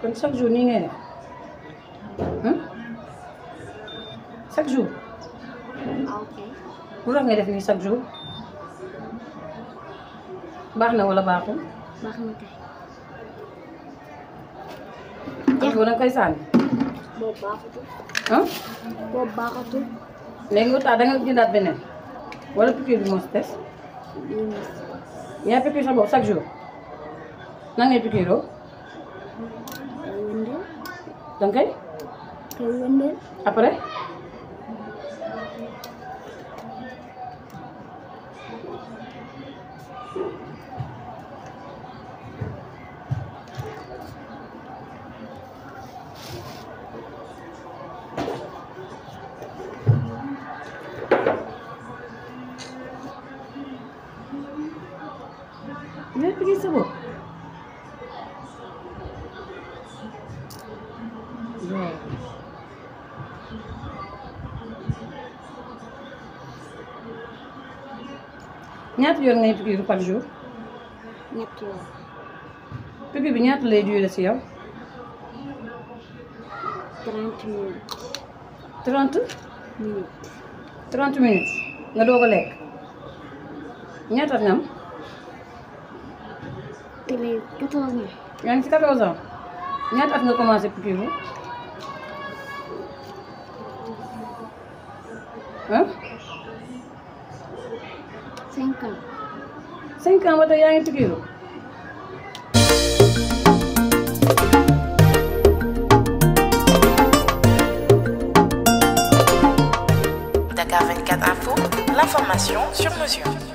kan chaque jour ni ngeen def chaque jour. ok. lu tax def chaque jour na wala baaxul. baax na kay. jeex na da nga koy sànni. boobu baaxatul. ah. boobu baaxatul. léegi lu tax da nga wala piqûre bi moo si des. Ya piqûre sa bopp chaque तंगे अपरे ये पीस वो Right. ñaata yoon ngay piqûre par jour. ñetti yoon. piqûre bi ñaata lay durer ci yow. trente minutes. trente. minutes. trente minutes nga doog a lekk. ñaata nga am. te léegi quatorze ans. yaa ngi ci ans ñaata at nga commencé piqûre. 5 hein? ans. 5 ans ba tey yaa ngi tukkeeru. Dakar 24 Info, l'information sur mesure.